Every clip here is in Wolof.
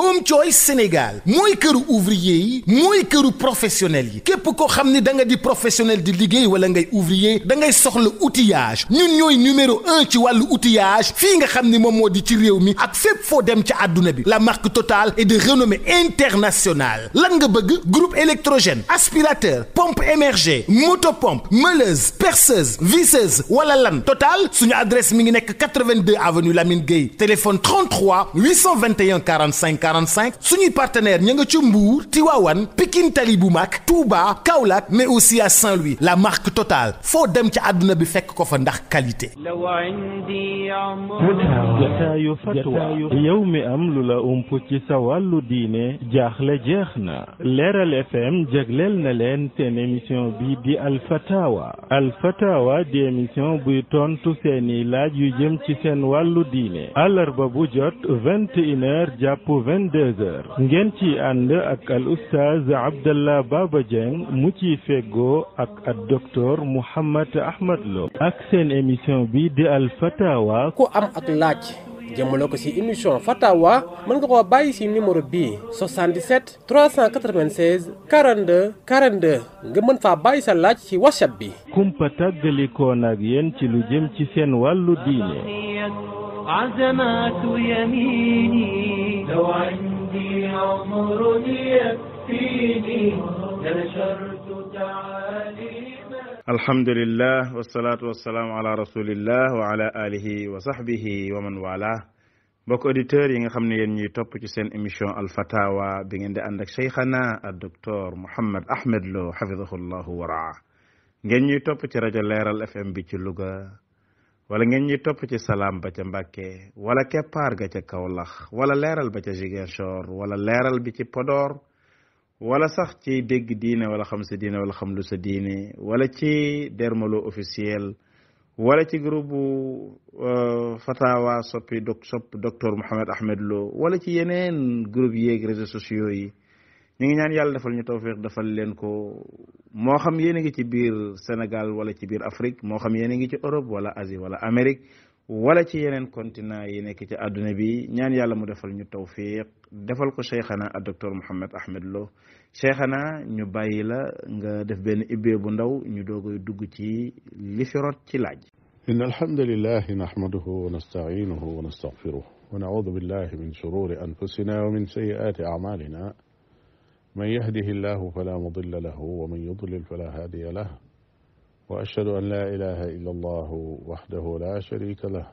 Home Choice Sénégal mooy këru ouvrier yi mooy këru professionnel yi képp koo xam ni da nga di professionnel di liggéey wala ngay ouvrier da ngay soxla outillage ñun ñooy numéro un ci wàllu outillage fii nga xam ni moom moo di ci réew mi ak fépp foo dem ci àdduna bi la marque Total est de renommée internationale lan nga bëgg groupe électrogène aspirateur pompe émergée motopompe meuleuse perceuse visseuse wala lan Total suñu adresse mi ngi nekk 82 avenue Lamine Gueye téléphone 33 821 45 45 suñuy partenaire ña nga ca Mbour Tiwawan Pikine Tali bu mag Touba Kaolack mais aussi à saint la marque Total foo dem ca àdduna bi fekk ko fa ndax qualité. jataayu fatwa yow mi am lu la ump ci sa wàllu diine jaaxle jeex na Leeral FM jagleel na leen seen émission bi di Alfatawa Alfatawa di émission buy tontu seeni laaj yu jëm ci seen wàllu diine alarba bu jot jàpp 22 heures ngeen ci ànd ak al oustaz Abdallah Baba Dieng mu ci feggoo ak ak docteur Mouhammad Ahmad Lo ak seen émission bi di al fatawa ku am ak laaj jëmale ko ci émission fatawa mën nga koo bàyyi ci numéro bii 77 396 42 nga mën faa bàyyi sa laaj ci whatsapp bi kumpa tàggalikoon ak yéen ci lu jëm ci seen wàllu diine عزمات يميني لو عندي عمر يكفيني لنشرت تعاليم الحمد لله والصلاة والسلام على رسول الله وعلى آله وصحبه ومن والاه mbokk auditeurs yi nga xam ne yéen ñuy topp ci seen émission alfatawa bi ngeen di ànd ak cheikhana ak docteur Mouhammad Ahmed Lo xafidahullahu waraa ngeen ñuy topp ci rajo leeral fm bi ci Louga wala ngeen ñuy topp ci salaam ba ca Mbàkke wala keppaar ga ca Kawlax wala leeral ba ca Ziguinchor wala leeral bi ci podoor wala sax ci dégg diine wala xam sa diine wala xam lu diine wala ci dermalo officiel wala ci groupe euh, fatawa soppi do sopp docteur Mouhamed Ahmed Lo wala ci yeneen groupe yéeg réseaux sociaux yi ñu ngi ñaan defal ñu tawfiq defal leen ko moo xam yéen a ngi ci biir Sénégal wala ci biir Afrique moo xam yéen a ngi ci Europe wala Asie wala Amérique wala ci yeneen continent yi nekk ci àdduna bi ñaan yàlla mu defal ñu tawfiq defal ko cheikhana ak docteur Mouhamed Ahmed Lo cheikhana ñu bàyyi la nga def benn ibbee bu ndaw ñu doogay dugg ci li ci laaj inna alhamdulilahi nahmaduhu wa nastainuhu wa nastaghfiruh wa naudu billahi min shururi anfusina wa min sayyiati a'malina من يهده الله فلا مضل له ومن يضلل فلا هادي له وأشهد أن لا إله إلا الله وحده لا شريك له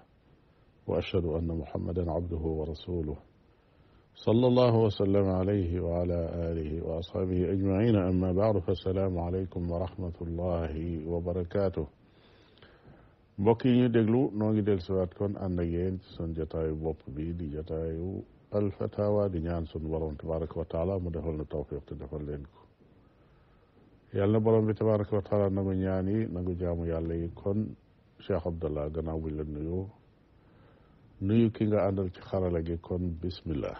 وأشهد أن محمدا عبده ورسوله صلى الله وسلم عليه وعلى آله وأصحابه أجمعين أما بعد فالسلام عليكم ورحمة الله وبركاته mbokk yi ñu déglu noo ngi del siwaat kon ànd ak yéen ci seen jataayu bopp bi di jataayu alfatawa di ñaan sunu borom tabaraka wa mu defal na tawfiq te defal leen ko yàlla na borom bi tabaraka wa taala nangu ñaan jaamu yàlla yi kon Cheikh Abdallah gannaaw buñ nuyu ki nga àndal ci xarala bismillah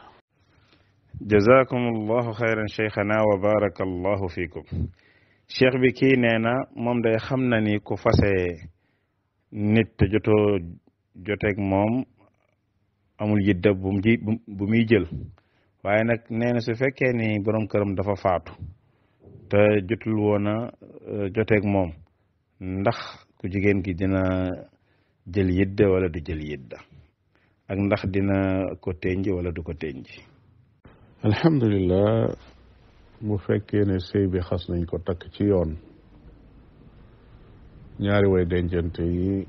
jazakum allahu xayran cheikhana wa baraka allahu fikum cheikh bi kii nee na moom day xam na ni ku fase nit te joteeg moom amul yidda bu mu ji bu muy jël waaye nag nee na su fekkee ni borom këram dafa faatu te jotul woon a euh, joteeg moom ndax ku jigéen ki dina jël yidda wala du jël yidda ak ndax dina ko tënji wala du ko tënji. alhamdulilah bu fekkee ne sëy bi xas nañ ko takk ci yoon ñaari way dencante yi.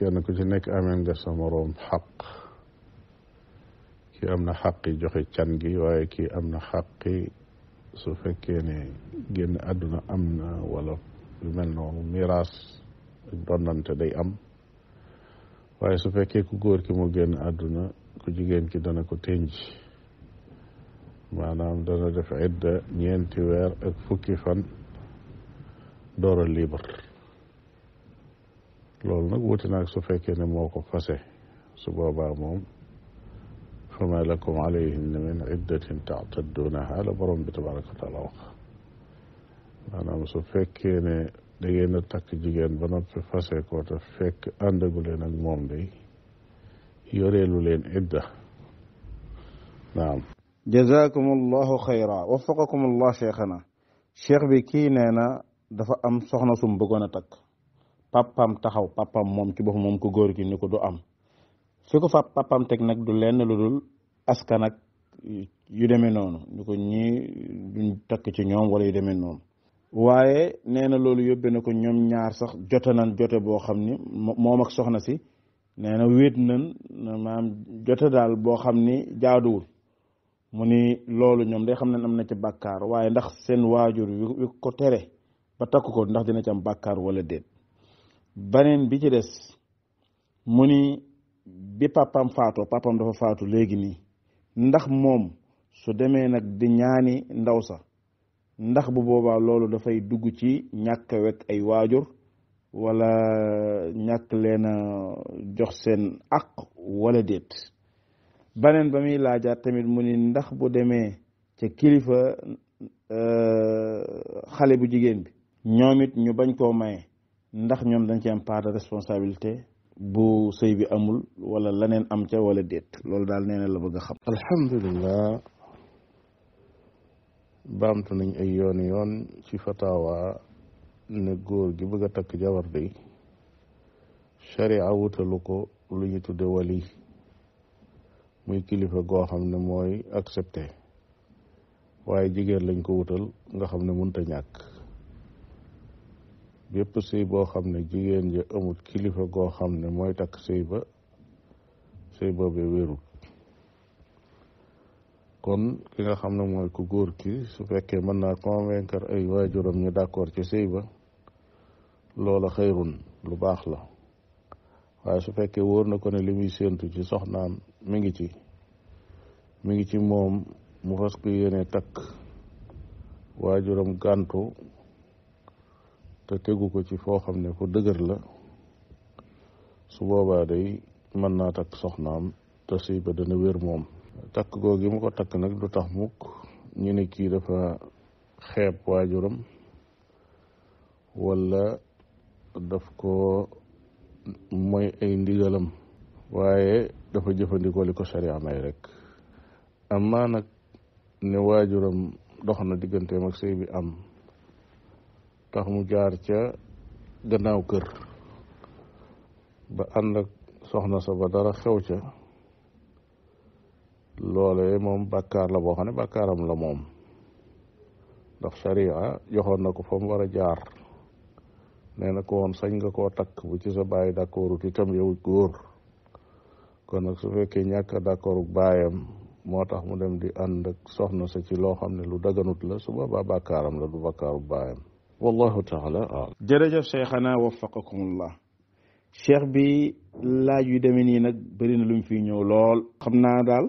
kenn ku ci nekk amee nga sa moroom xaq kii am xaqi joxe can gi waaye kii am na xaqi su fekkee ne génn àdduna am na wala lu mel noonu miraas ak donnante day am waaye su fekkee ku góor ki mu génn àdduna ku jigéen ki dana ko tënj maanaam dana def idda ñeenti weer ak fukki fan door a libre loolu nag wuti naag su fekkee ne moo ko fase su boobaa moom fama lakum alayhinna min iddatin taataddunaha la borom bi tabaraka wa taala wax maanaam su fekkee ne da ngeen takk jigéen ba noppi fase ko te fekk àndagu leen ak moom day yoreelu leen idda naam jazakum allahu xayra wafaqakum allah cheikhana cheikh bi kii nee na dafa am soxna sum bëggoon a takk papam taxaw papam moom ci boppam moom ko góor gi ni ko du am fi ko fa papam teg nag du lenn lu dul askan ak yu demee noonu ñu ko ñii duñ takk ci ñoom wala yi demee noonu waaye nee na loolu yóbbe ne ko ñoom ñaar sax jote nañ jote boo xam ni moom ak soxna si nee na wéet na maam jote daal boo xam ni jaaduwul mu ni loolu ñoom day xam ne am na ci bàkkaar waaye ndax seen waajur wi ko tere ba takk ko ndax dina ci am bàkkaar wala déet baneen bi ci des mu ni bi papam faatoo papam dafa faatu léegi nii ndax moom su demee nag di ñaani ndaw sax ndax bu boobaa loolu dafay dugg ci ñàkk wekk ay waajur walla ñàkk leen a jox seen àq wala déet baneen ba muy laajaat tamit mu ni ndax bu demee ca kilifa euh, xale bu jigéen bi ñoomit ñu bañ koo maye ndax ñoom dañ ci am part de responsabilité bu sëy bi amul wala leneen am ca wala déet loolu daal nee na la bëgg a xam alhamdulilah baamtu nañ ay yoon yoon ci fatawa ne góor gi bëgg a takk jabar day sharia wutalu ko lu ñu tudde wali muy kilifa goo xam ne mooy accepté waaye jigéen lañ ko wutal nga xam ne munta ñàkk bépp sëy boo xam ne jigéen ja amut kilifa goo xam ne mooy takk sëy ba sëy boobe wérut kon ki nga xam ne mooy ku góor ki su fekkee mën naa convaincre ay waajuram ñu d'accord ci sëy ba loola xëyrun lu baax la waaye su fekkee wóor na ko ne li muy séentu ci soxnaan mi ngi ci mi ngi ci moom mu fas ko yéene takk waajuram gàntu te tegu ko ci foo xam ne fu dëgër la su boobaa day mën naa takk soxnaam te sëy ba dana wér moom takk gi ma ko takk nag du tax mukk ñu ne kii dafa xeeb waajuram wala daf ko mooy ay ndigalam waaye dafa jëfandikoo li ko sariya rek am amaa nag ne waajuram dox na digganteem ak sëy bi am tax mu jaar ca gannaaw kër ba ànd ak soxna sa ba dara xew ca loole moom bàkkaar la boo xam ne bakkaaram la moom ndax sharia joxoon na ko fa mu war a jaar nee na ko woon sañ nga koo takk bu ci sa bàyyi d'accordut itam yow góor kon nag su fekkee ñàkk a d'accordu baayam moo tax mu dem di ànd ak soxna sa ci loo xam ne lu daganut la su boobaa bàkkaaram la du bàkkaaru baayam wallahu taala alam jërëjëf cheikhana waffaqakumullah cheikh bi laaj yu demee nii nag bëri na lu mu ñëw lool xam naa daal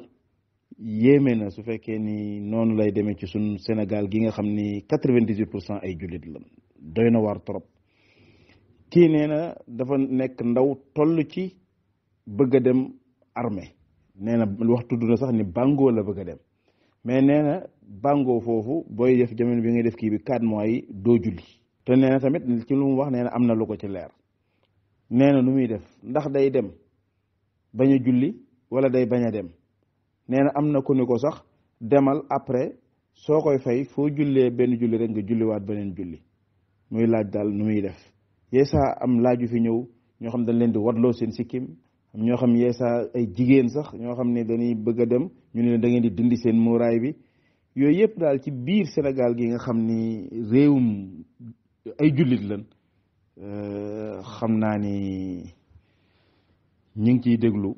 yéeme na su fekkee ni noonu lay demee ci suñ Sénégal gi nga xam ni quatre vingt pour cent ay jullit la doy na waar trop kii nee na dafa nekk ndaw toll ci bëgg dem armée nee na wax na sax ni Bango la bëgg a dem mais nee bàngoo foofu booy def jamono bi ngay def kii bi quatre mooy yi doo julli te nee na tamit ci lu mu wax nee na am na lu ko ci leer nee na nu muy def ndax day dem bañ julli wala day bañ dem nee na am na ku ni ko sax demal après soo koy fay foo jullee benn julli rek nga julliwaat beneen julli muy laaj daal nu muy def yeesaa am laaju fi ñëw ñoo xam dañ leen di warloo seen sikkim ñoo xam yeesaa ay jigéen sax ñoo xam ne dañuy bëgg a dem ñu ne da ngeen di dindi seen muuraay bi yooyu yëpp daal ci biir senegal gi nga xam ni réewum ay jullit lan euh, xam naa ni ñu ngi ciy déglu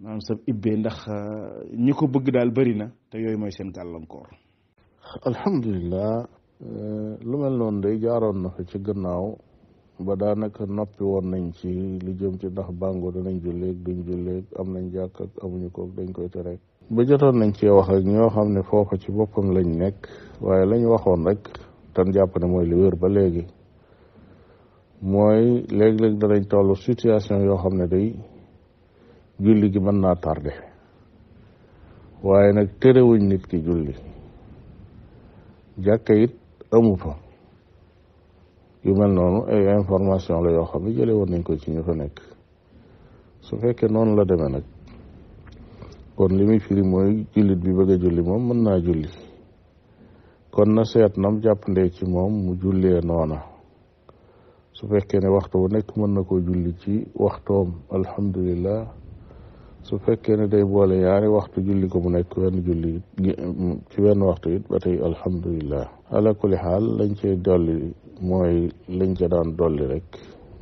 maanaam sa ibbee ndax euh, ñi ko bëgg daal bari na te yooyu mooy seen gàllankoor. alhamdulilah euh, lu mel noonu de jaaroon na fa ci gannaaw ba daanaka noppi woon nañ ci li jëm ci ndax bàngo danañ julleeg duñ julleeg am nañ jàkk ak amuñu ko dañ koy tere rek ba jotoon nañ cee wax ak ñoo xam ne foofa ci boppam lañ nekk waaye lañ waxoon rek tan jàpp ne mooy li wér ba léegi mooy léeg-léeg danañ toll situation yoo xam ne day julli gi mën naa tardé waaye nag terewuñ nit ki julli jàkka it amu fa yu mel noonu ay information la yoo xam ne jële woon nañ ko ci ñu nekk su fekkee noonu la demee nag kon li muy firi mooy jullit bi bëgg a julli moom mën naa julli kon na seet nam jàppandee ci moom mu jullee noona su fekkee ne waxtu wu nekk mën na koo julli ci waxtoom alhamdulillah su fekkee ne day boole yaari waxtu julli ko bu nekk wenn julli ci wenn waxtu yit ba tey alhamdulillah ala xaal lañ cay dolli mooy lañ ca daan dolli rek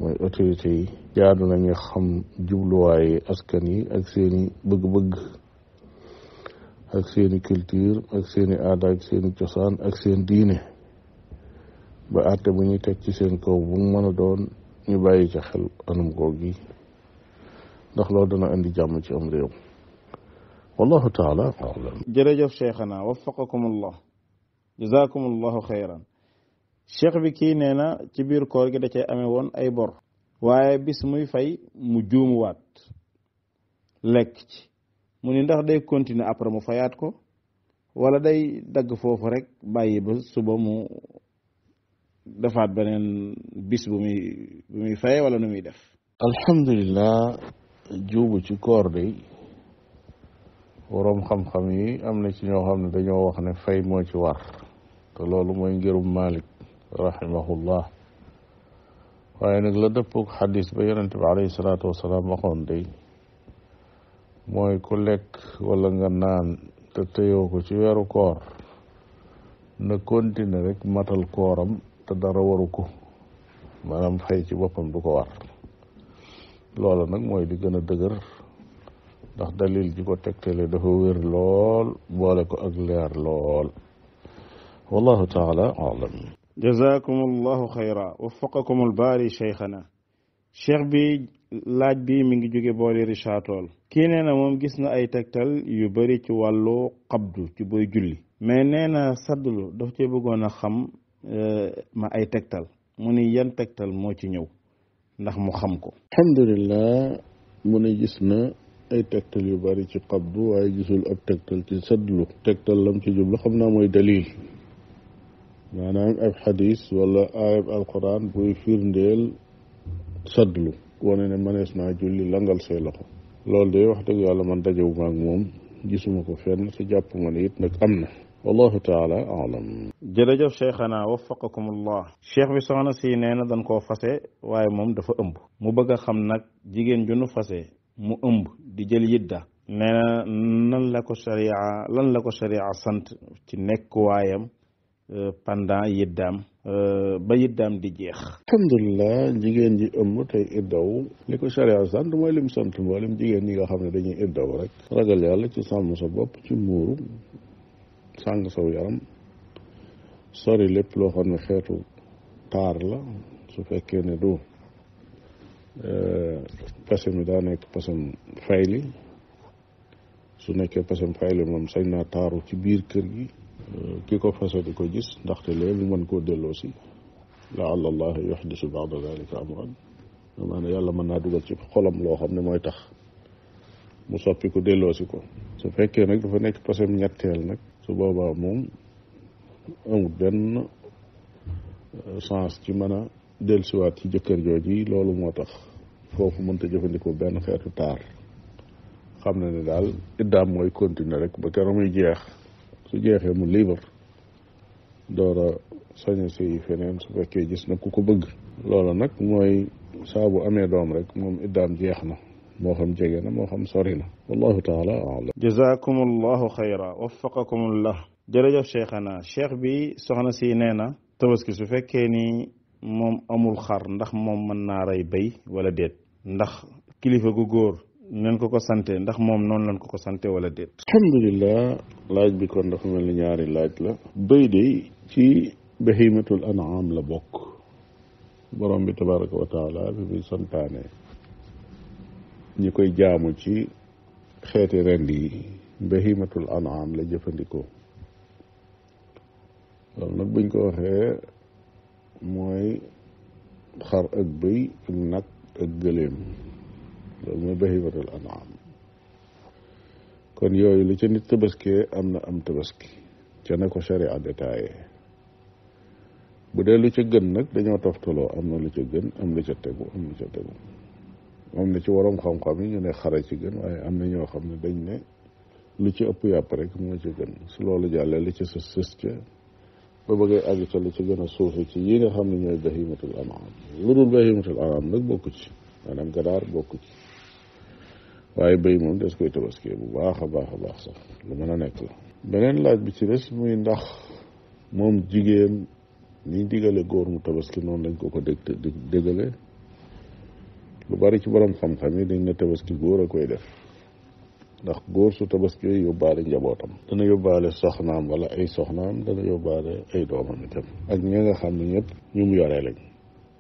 mooy autorité yi jaadu nañu xam jubluwaayi askan yi ak seeni bëgg-bëgg ak seeni culture ak seeni ada ak seeni cosaan ak seen diine ba àtte bu ñu teg ci seen kaw bu mën a doon ñu bàyyi ca xel anam googu ndax loolu dana indi jàmm ci am réew wallahu taala alam jërëjëf cheikhana waffaqakum allah jazakum allahu xayran cheikh bi kii nee na ci biir koor gi da cay amee woon ay bor waaye bis muy fay mu juumuwaat lekk mu ni ndax day continuer après mu fayaat ko wala day dagg foofu rek bàyyi ba suba mu defaat beneen bis bu muy bu muy faye wala nu muy def alhamdulilah juubu ci koor day waroom xam-xam yi am na ci ñoo xam ne dañoo wax ne fay moo ci war te loolu mooy ngirum malik rahimahullah waaye nag la dëppook xadis ba yonente bi alayhi salaatu wasalaam waxoon day mooy ku lekk wala nga naan te tëyoo ko ci weeru koor na continuer rek matal kooram te dara waru ko maanaam fay ci boppam du ko war loola nag mooy di gën a dëgër ndax dalil ji ko tegtale dafa wér lool boole ko ak lool wallahu taala alam jazakum allahu xayra wafaqakum albaari cheikhana laaj bi mi ngi jóge boori Richard Toll kii nee moom gis na ay tegtal yu bari ci wàllu xabdu ci booy julli mais nee na saddlu daf cee bëggoon a xam eh, ma ay tegtal mu ni yan tegtal moo ci ñëw ndax mu xam ko alhamdulilah mu ne gis na ay tegtal yu bari ci xabdu waaye gisul ab tegtal ci saddlu tegtal lam ci jublu xam naa mooy dalil maanaam ab xadis wala ayab alquran buy firndeel saddlu wane ne mënees naa julli langal say loxo loolu de wax dëgg yàlla man dajewu maag moom gisuma ko fenn te jàpp ma ne it nag am na wallahu taala alam jërëjëf cheikhana waffaqakum allah cheikh bi soxna si nee na dañ koo fase waaye moom dafa ëmb mu bëgg a xam nag jigéen junu fase mu ëmb di jël yidda nee nan la ko sharia lan la ko sharia sant ci nekk waayam euh, pendant yiddaam Euh, ba yiddaam di jeex alhamdulilah jigéen ji ëmb tey iddaw li ko charia sant mooy lim sant mboolem jigéen ñi nga xam ne dañuy iddaw rek ragal yàlla ci sàmm sa bopp ci muuru sàng saw yaram sori lépp loo xam xeetu taar la su fekkee ne du euh, pase mi daa nekk pasam fayli su nekkee pasam fayli moom sañ naa taaru ci biir kër gi Euh, ki ko fase di ko gis ndaxte léegi mën koo delloosi laalla allah yuhdisu baada dalika amran maanaam yàlla mën naa dugal ci xolam loo xam ne mooy tax mu soppi ko delloosi ko su fekkee nag dafa nekk pasem ñetteel nag su boobaa moom amul benn euh, sens ci mën a dellusiwaat ci jëkkër jooji loolu moo tax foofu mënta jëfandikoo benn xeetu taar xam na ni daal daam mooy continuer rek ba keroog jeex su jeexee mu libre door a sañu si feneen su fekkee gis na ku ko bëgg loola nag mooy saa bu amee doom rek moom iddaam jeex na moo xam jege na moo xam sori na wallahu taala alam jazakum allahu xayra waffaqakum allah bi soxna si nee na tabaski su fekkee ni moom amul xar ndax moom mën naa rey béy wala déet ndax kilifa gu góor nañ ko ko sante ndax moom noonu lañ ko ko sante wala déet. alhamdulilah laaj bi kon dafa mel ni ñaari laaj la. béy de ci bahimatul anaam la bokk borom bi tabaraka wa taala bi muy santaane ñi koy jaamu ci xeeti rend yi bahimatul anaam la jëfandikoo nag buñ ko waxee mooy xar ak bëy ak nag ak gëléem loolu mooy bahimatul anam kon yooyu li ca nit tabaskee am na am tabaski ca na ko sharia détaillé bu dee lu ca gën nag dañoo toftaloo am na lu ca gën am lu ca tegu am lu ca tegu moom na ci waroom xam-xam yi ñu ne xara ci gën waaye am na ñoo xam ne dañ ne lu ci ëpp yàpp rek moo ci gën su loolu jàllee li ci sës sës ca ba bëggee àgg ca li ci gën a suufe ci yi nga xam ne ñooy bahimatul anam lu dul bahimatul anam nag bokku ci maanaam gadaar bokku ci waaye béy moom des koy tabaskee bu baax a baax a baax sax lu mën a nekk la beneen laaj bi ci des muy ndax moom jigéen ni digale góor mu tabaski noonu lañ ko ko dég dégale lu bari ci borom xam-xam yi dañ ne tabaski góor a koy def ndax góor su tabaski yóbbaale njabootam dana yóbbaale soxnaam wala ay soxnaam dana yóbbaale ay doomam itam ak ñi nga xam ne ñépp ñu mu yoree lañ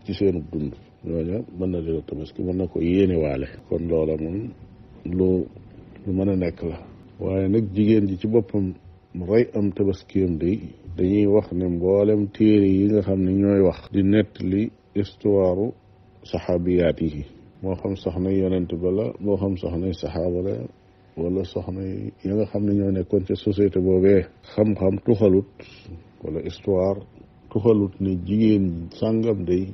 ci seenu dund ñooña mën na leen a tabaski mën na ko yéenewaale kon loola moom lu lu mën a nekk la waaye nag jigéen ji ci boppam rey am tabaskiyam day dañuy wax ne mboolem téere yi nga xam ne ñooy wax di nettali istuwaaru saxaabiyaat yi moo xam soxna yonent ba moo xam soxna yi la wala soxna yi nga xam ne ñoo nekkoon ca société boobee xam-xam tuxalut wala histoire tuxalut ne jigéen sàngam day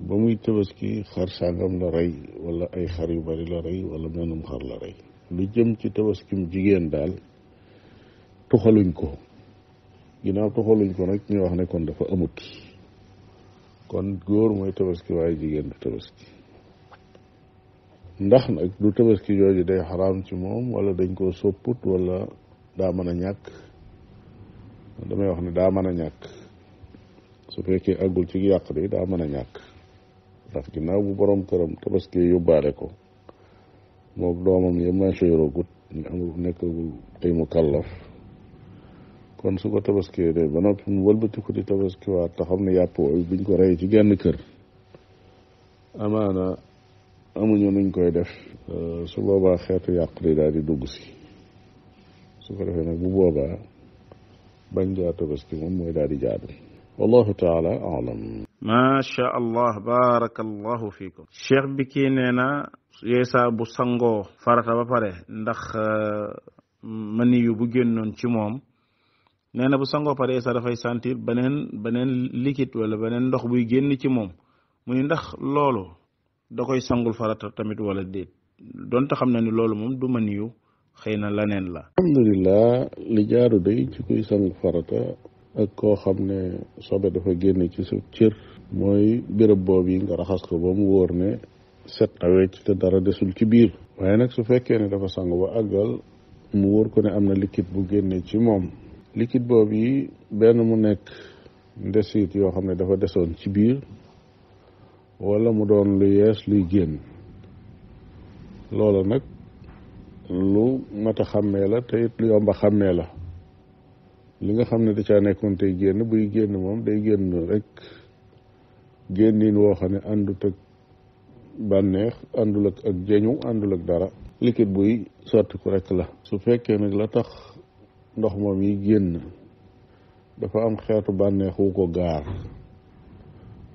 ba muy tabaski xar sàngam la rey wala ay xar yu bari la rey wala mennum xar la rey lu jëm ci tabaskim jigéen daal tuxaluñ ko ginnaaw tuxaluñ ko nag ñu wax ne kon dafa amut kon góor mooy tabaski waaye jigéen du tabaski ndax nag du tabaski jooju day xaraam ci moom wala dañ koo sopput wala daa mën a ñàkk damay wax ne daa mën a ñàkk su fekkee àggul ci yàq de daa mën a ñàkk ndax ginnaaw bu borom këram tabaski yóbbaale ko moom doomam yëpp maa sooyaroo gut ñu amul nekkagul ay mu kàllaf kon su ko tabaskee de ba noppi mu wëlbati ko di tabaskiwaat te xam ne yàpp wooyu buñ ko rey ci genn kër amaana amuñu nuñ koy def euh, su boobaa xeetu yàq li daal di dugg si su ko defee nag bu boobaa bañ jaa tabaski moom mooy daal di jaadu wallahu taala alam macha allah barakallahu fiikum cheikh bi kii nee na yeesaa bu sangoo farata ba pare ndax uh, mani yu bu génnoon ci moom nee na bu sangoo pare yeesaa dafay sentir beneen beneen liquide wala beneen ndox buy génn ci moom mu ni ndax loolu da koy sangul farata tamit wala déet donte xam na ni loolu moom du mani yu xëy na laneen la alhamdulillah li jaaru day ci kuy sangu farata ak koo xam ne sobe dafa génn ci suuf cër mooy béréb boob yi nga raxas ko ba mu wóor ne set na wecc te dara desul ci biir waaye nag su fekkee ne dafa sangu ba àggal mu wóor ko ne am na liquide bu génne ci moom liquide boob yi benn mu nekk ndesit yoo xam ne dafa desoon ci biir wala mu doon lu yees luy génn loola nag lu mat a xàmmee la te it lu yomb xàmmee la li nga xam ne da caa nekkoon tey génn buy génn moom day génn rekk génnin woo xam ne àndut ak bànneex àndul ak jeñu àndul ak dara liquide buy sotti ku rek la su fekkee nag la tax ndox moom yi génn dafa am xeetu bànneex wu ko gaar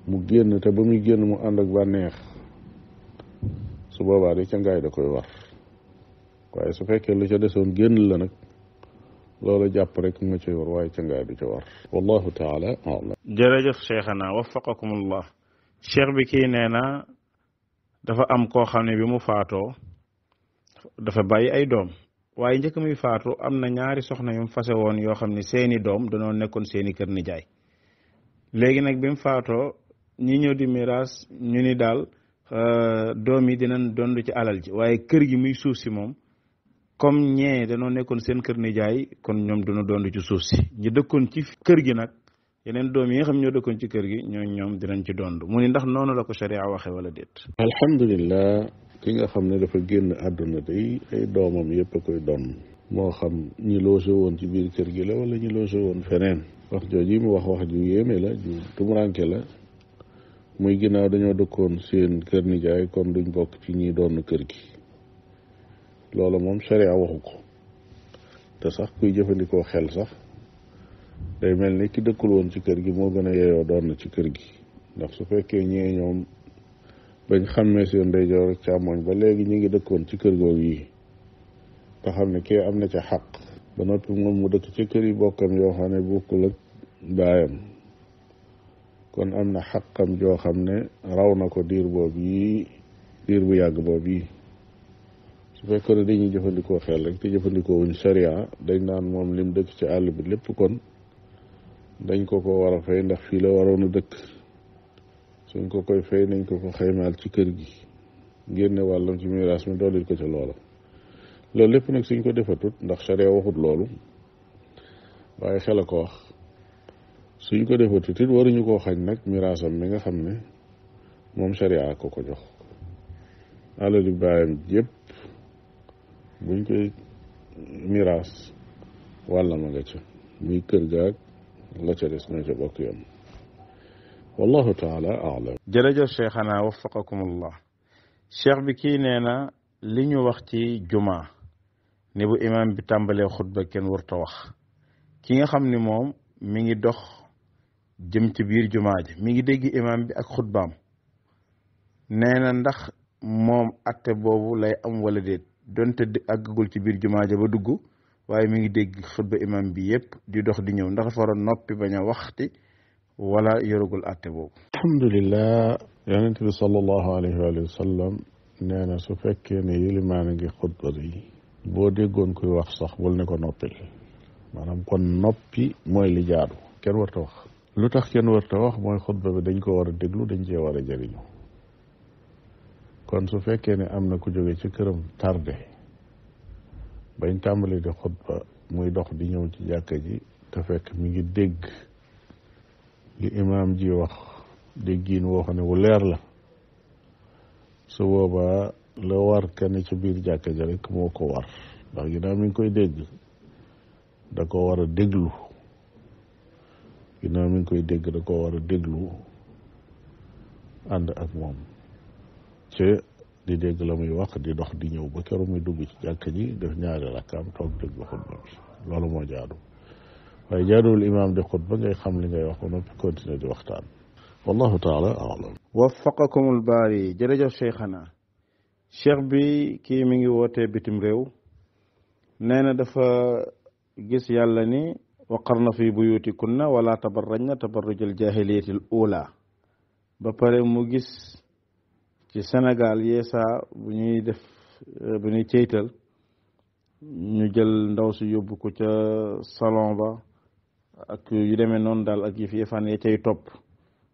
mu génn te ba muy génn mu ànd ak bànneex su boobaa de ca ngaay da koy war waaye su fekkee lu ca desoon génn la nag loola jàpp rek ma ci war waaye cangaay du ca war wallahu taala alam jërëjëf cheikhana wafaqakum allah cheikh bi kii nee na dafa am ko xam ne bi mu faatoo dafa bàyyi ay doom waaye njëkk muy faatu am na ñaari soxna yu mu fase woon yoo xam ne seeni doom danoo nekkoon seeni kër nijaay léegi nag bi mu faatoo ñi ñëw di miraas ñu ni daal euh, doom yi dinañ dond ci alal ji waaye kër gi muy suuf si moom comme ñee danoo nekkoon seen kër nijaay kon ñoom dana doon ci suuf si ñu dëkkoon ci kër gi nag yeneen doom yi nga xam ñoo dëkkoon ci kër gi ñoo ñoom dinañ ci dond mu ndax noonu la ko sharia waxe wala déet alhamdulilah ki nga xam ne dafa génn àdduna day doomam yëpp a koy donn moo xam ñi loose woon ci biir kër gi la wala ñi loose woon feneen wax jooju mu wax wax ju yéeme la ju tumuranke la muy ginnaaw dañoo dëkkoon seen kër nijaay kon duñ bokk ci ñi doon kër gi loola moom sharia waxu ko te sax kuy jëfandikoo xel sax day mel ni ki dëkkul woon ci kër gi moo gën a yeyoo doon na ci kër gi ndax su fekkee ñee ñoom bañ xam xàmmee seen ndeyjoor ak càmmoñ ba léegi ñu ngi dëkkoon ci kër googu yi te xam ne kii am na ca xaq ba noppi moom mu dëkk ci kër yi bokkam yoo xam ne bokkul ak baayam kon am na xaqam joo xam ne raw na ko diir boobu yi diir bu yàgg boobu yi bu fekkoon ne dañuy jëfandikoo xel rek te jëfandikoo wuñ sariya dañ naan moom lim dëkk ci àll bi lépp kon dañ ko ko war a fay ndax fii la waroon a dëkk suñ ko koy fay nañ ko ko xaymaal ci kër gi génne wàllam ci miraas mi doolil ko ci loola loolu lépp nag suñ ko defatut ndax sariya waxut loolu waaye xel a ko wax suñ ko defatut waruñu koo xañ nag miraasam mi nga xam ne moom sariya ko ko jox alali baayam yépp buñ koy miraas wàlla ma nga ca muy kër gaag la des ñoo ca bokk yam wallahu taala alam jërëjëf cheikhana wafaqakum allah cheikh bi kii nee na li ñu wax ci juma ne bu imam bi tàmbalee xutba kenn warta wax ki nga xam ni moom mi ngi dox jëm ci biir jumaa ji mi ngi dégg imam bi ak xutbaam nee na ndax moom atte boobu lay am walla déet donte àggagul ci biir jumaa ja dugg waaye mi ngi dégg xutba imam bi yëpp di dox di ñëw ndax dafa war noppi bañ a waxti wala yorugul àtte boobu alhamdulilah yonente bi salallahu alayhi wa sallam nee na su fekkee ne yilimaan a ngi xutba bi boo déggoon koy wax sax bul ne ko noppil maanaam kon noppi mooy li jaadu kenn warta wax lu tax kenn warta wax mooy xutba bi dañ ko war a déglu dañ cee war a kon su fekkee ne am na ku jóge ci këram tardé bañ tàmbali di xutba muy dox di ñëw ci jàkka ji te fekk mi ngi dégg li imaam ji wax déggiin woo xam ne wu leer la su boobaa la war kenn ci biir jàkka ji rek moo ko war ndax ginnaaw mi ngi koy dégg da ko war a déglu ginnaaw mi ngi koy dégg da ko war a déglu ànd ak moom wàccee di dégg muy wax di dox di ñëw ba keroog muy dugg ci jàkk ji def ñaari rakkaam toog déglu xutba bi loolu moo jaadu waaye jaaduwul imaam di xutba ngay xam li ngay wax ba noppi continuer di waxtaan wallahu taala alam waffaqakum albaari jërëjëf cheikhana cheikh bi kii mi ngi woote bitim réew nee na dafa gis yàlla ni waqarna fi buyutikunna wala tabarrajna tabarrujal jahiliyatil ula ba pare mu gis ci Sénégal yeesa bu ñuy def euh, bu ñuy ceytal ñu jël ndaw si yóbbu ko ca salon ba ak yu demee noonu daal ak yëf yëfaan ya cay topp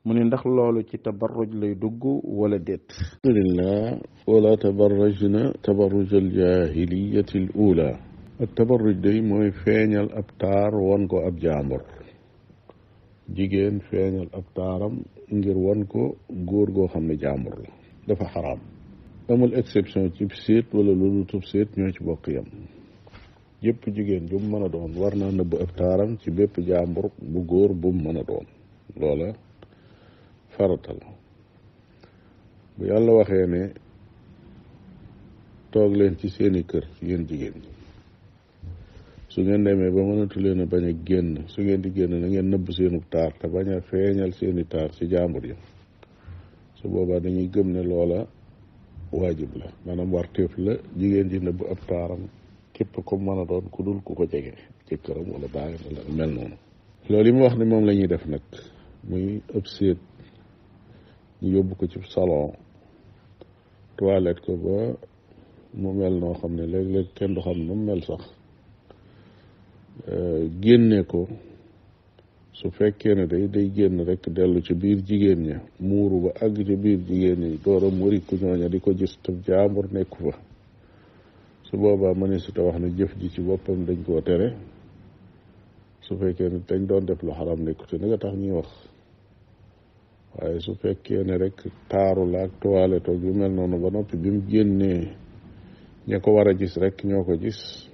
mu ne ndax loolu ci tabarruj lay dugg wala déet alhamdulillah wala tabarrajna tabarruj aljaahiliyati al mooy feeñal ab taar won ko ab jaambur jigéen feeñal ab taaram ngir won ko góor goo xam ne jaambur la dafa xaraam amul exception ci siit wala lu tub siit ñoo ci bokk yam yëpp jigéen ju mu mën a doon war naa nëbb ab taaram ci bépp jàmbur bu góor bu mu mën a doon loola farata bu yàlla waxee ne toog leen ci seeni kër yéen jigéen su ngeen demee ba mënatu leen a bañ a génn su ngeen di génn na ngeen nëbb seenu taar te bañ a feeñal seeni taar ci jàmbur yi su boobaa dañuy gëm ne loola waajib la maanaam warteef la jigéen ji nëbb ab taaram képp ko mën a doon ku dul ku ko jege jëkkëram wala baayam wala mel noonu loolu yi mu wax ne moom lañuy def nag muy ëpp seet ñu yóbbu ko ci salon toilette ko ba mu mel noo xam ne léeg-léeg kenn du xam nu mu mel sax euh, génne ko su fekkee ne day day génn rek dellu ci biir jigéen ña muuru ba àgg ci biir jigéen ñi door a muriku ñooña di ko gis tam jaambur nekku fa su boobaa mëne su ta wax ne jëf ji ci boppam dañ koo tere su fekkee ne dañ doon def lu xaram nekku te ni nga tax ñuy wax waaye su fekkee ne rek taaru laa ak toilette toog yu mel noonu ba noppi bi mu génnee ña ko war a gis rek ñoo ko gis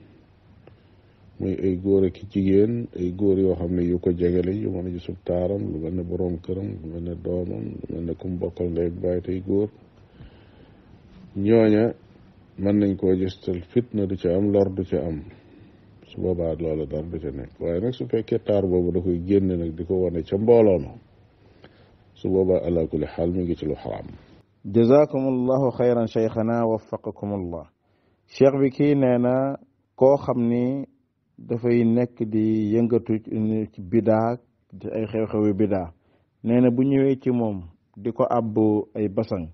muy ay góor ak jigéen góor yoo xam ne yu ko jegele yu mën a gisub taaram lu mel ne boroom këram mel ne doomam lu mel ne kum bokkal ndey bàyyi tey ñooña mën nañ koo gistal fitna du ca am lor du ca am su boobaa loola dara du nekk waaye nag su fekkee taar boobu da koy génne nag di ko wane ca mbooloo ma su boobaa ala kulli xaal mi ngi ci lu xaraam jazakum allahu xayran koo xam ni dafay nekk di yëngatu ci ay xew-xewi bidaa nee na bu ñëwee ci moom di ko àbb ay basang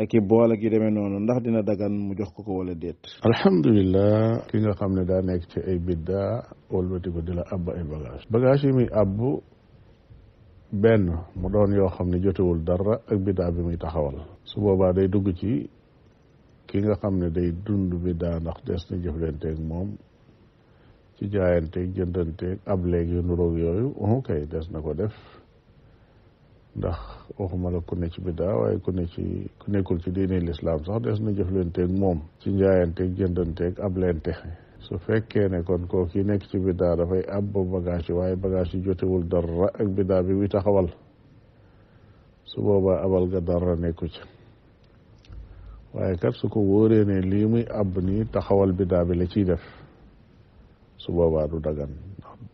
ak i bool ak yi noonu ndax dina dagan mu jox ko ko wala déet alhamdulilah ki nga xam ne daa nekk ci ay biddaa walbati ko di la àbb ay bagage bagage yi muy àbb benn mu doon yoo xam ne jotewul dara ak biddaa bi muy taxawal su boobaa day dugg ci ki nga xam ne day dund biddaa ndax des na jëflanteeg moom ci jaayanteeg jëndanteeg ab léegi nuróog yooyu on oh, kay des na ko def ndax waxuma la ku ci biddaa waaye ku ci nekkul ci diine lislaam sax des na jëflanteeg moom ci njaayanteeg jëndanteeg ab lente su fekkee ne kon ko ki nekk ci biddaa dafay ab bagage yi waaye bagage yi jotewul dara ak bidaa bi muy taxawal su boobaa abal ga dara nekku ci waaye kat su ko wóoree lii muy ab nii taxawal biddaa bi la ciy def su boobaa du dagan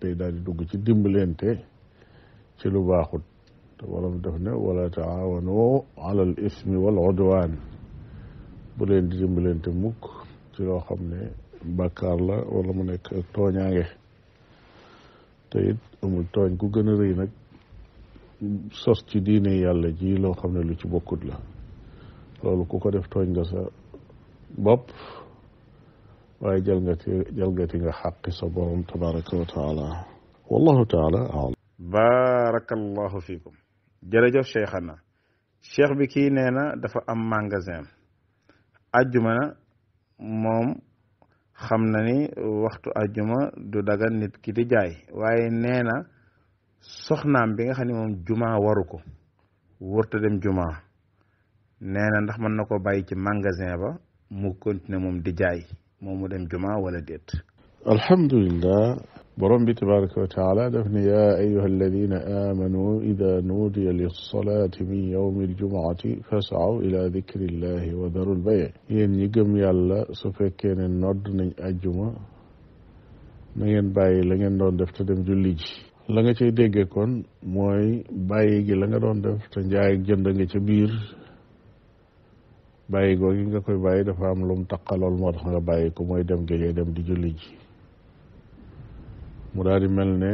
ndax day di dugg ci dimbalante ci lu baaxut te mu def ne wala taawanu alal ismi wal udwaan bu leen di dimbalante mukk ci loo xam ne bàkkaar la wala mu nekk ak tooñaange te it tooñ ku gën a rëy nag sos ci diine yàlla ji loo xam ne lu ci bokkut la loolu ku ko def tooñ nga sa bopp waaye jalgati jalgati nga xaqi sa tabaraka wa wallahu taala alam barakallahu fiikum jërëjëf cheikhana cheikh bi kii nee na dafa am magasin ajjuma na moom xam na ni waxtu ajuma du dagan nit ki di jaay waaye nee na soxnaam bi nga xam ne moom juma waru ko wërta dem juma nee na ndax mën na ko bàyyi ci magasin ba mu continuer moom di jaay moo mu dem juma wala déet alhamdulillah borom bi tabaraka wa def daf ne ya ayuha alladina amanu ida nuudiya lilsolati min yawmi aljumaati fasaw ila dicri illahi wa daru ñi gëm yàlla su fekkee ne nodd nañ ajjuma na ngeen bàyyi la ngeen doon def te dem julli la nga cay déggee mooy bàyyi gi la nga doon def te njaay ak jënd ca biir bàyyi googi nga koy bàyyi dafa am lu mu taqalool moo tax nga bàyyi ko mooy dem géejee dem di julli ji mu daal di mel ne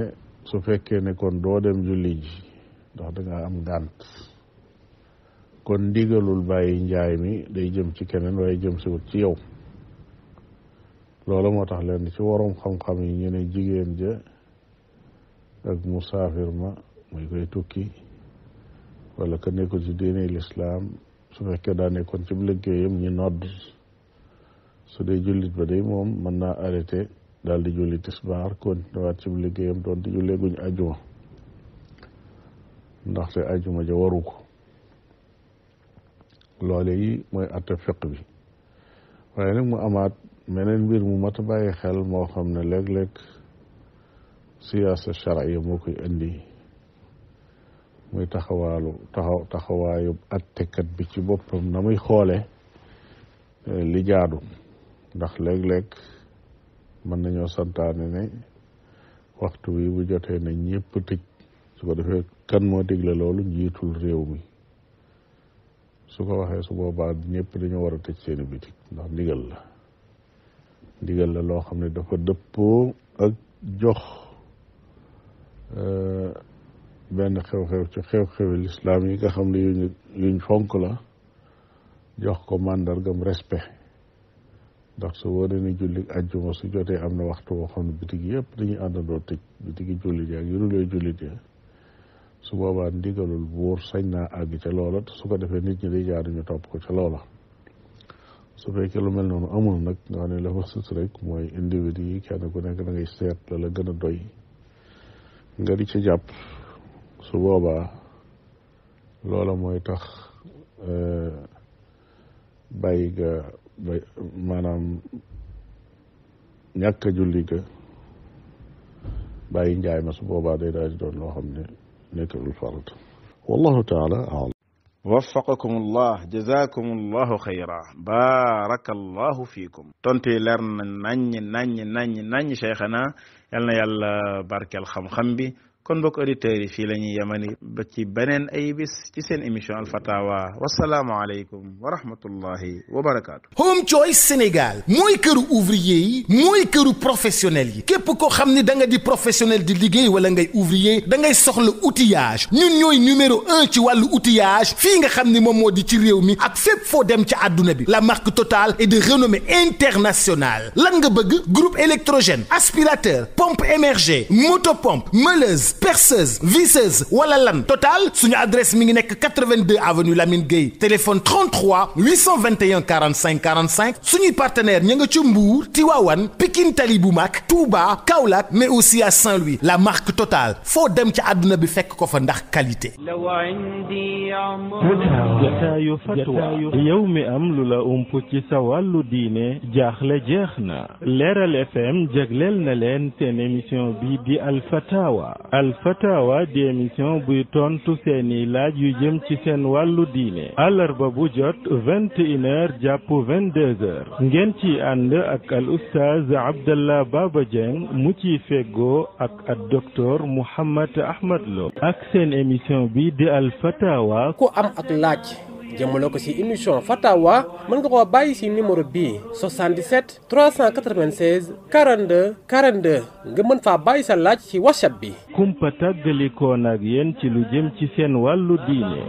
su fekkee ne kon doo dem julli ji ndax danga am gànt kon ndigalul bàyyi njaay mi day jëm ci keneen waaye jëm siwut ci yow loolu moo tax leen ci waroom xam-xam yi ñu jigéen ja ak musaafir ma muy koy tukki wala ka nekkul ci diine lislaam su fekkee daa nekkoon ci liggéeyam ñu nodd su dee jullit ba day moom mën naa arrêté daal di julli tisbaar continué waat ci liggéeyam doon di jullee guñ ajuma ndaxte ajuma ja waru ko loole yi mooy atte fiq bi waaye nag mu amaat meneen mbir mu mat a bàyyi xel moo xam ne léeg-léeg siyaasa charia moo koy indi muy taxawaalu taxaw taxawaayu attekat bi ci boppam na muy xoole eh, li jaadu ndax léeg-léeg mën nañoo santaane ne waxtu wii bu jotee na ñépp tëj su ko defee kan moo digle loolu njiitul réew mi su ko waxee su boobaa ñëpp dañoo war a tëj seeni bitik ndax ndigal la ndigal la loo xam ne dafa dëppoo ak jox eh, benn xew-xew ci xew-xewi lislaam yi nga xam ne yuñ yuñ fonk la jox ko màndargam respect ndax su wóoree ni julli ajjuma su jotee am na waxtu boo xam ne bitig yëpp dañuy doo tëj bitigi jullit ak yurulee jullit ya su boobaa ndigalul buur sañ naa àgg ca loola te su ko defee nit ñi day jaar ñu topp ko ca loola su fekkee lu mel noonu amoon nag nga xam ne la fa sut rek mooy individu yi kenn ku nekk da ngay seet la la gën a doy nga di ca jàpp su boobaa loola mooy tax e, bàyyi ga ba maanaam ñàkk julli ga bàyyi njaay ma su boobaa day daal di doon loo xam ne nekkalul farata wallahu taala allah jazakum allahu xayra baraka allahu fiikum tontu yi leer na naññ naññ naññ naññ cheikhana yal na yàlla barkeel xam-xam bi kon mbokk auditeurs yi fii la ñuy yemani ba ci beneen ay bis ci seen émission alfatawa wasalaamu aleykum wa rahmatullahi wa barakaatu Home Choice Sénégal mooy këru ouvrier yi mooy këru professionnel yi képp koo xam ni da nga di professionnel di liggéey wala ngay ouvrier da ngay soxla outillage ñun ñooy numéro un ci wàllu outillage fii nga xam ni moom moo di ci réew mi ak fépp foo dem ci àdduna bi la marque totale et de renommée internationale lan nga bëgg group électrogène aspirateur pompe émergée motopompe meuleuse perceuse visseuse wala lan total suñu adresse mi ngi nekk 82 avenue Lamine Gueye téléphone 33 821 45 45 suñuy partenaire ña nga ca Mbour Tiwawan Pikine Tali bu mag Touba Kaolack mais aussi à Saint-Louis la marque Total foo dem ci àdduna bi fekk ko fa ndax qualité. jataayu fatwa yow mi am lu la ump ci sa wàllu diine jaaxle jeex na leeral FM jagleel na leen seen émission bi di al fatawa al fatawa di émission buy tontu seeni laaj yu jëm ci seen wàllu diine àllarba bu jot vingt et une heures jàpp vingt ngeen ci ànd ak al oustaz Abdallah Baba Dieng mu ci feggoo ak ak docteur Mouhammad Ahmad Lo ak seen émission bi di al fatawa ku am ak laaj jëmale ko ci émission fatawa mën nga koo bàyyi ci numéro bii 77 396 42 42 nga mën faa bàyyi sa laaj ci whatsapp bi. kumpa tàggalikoon ak yéen ci lu jëm ci seen wàllu diine.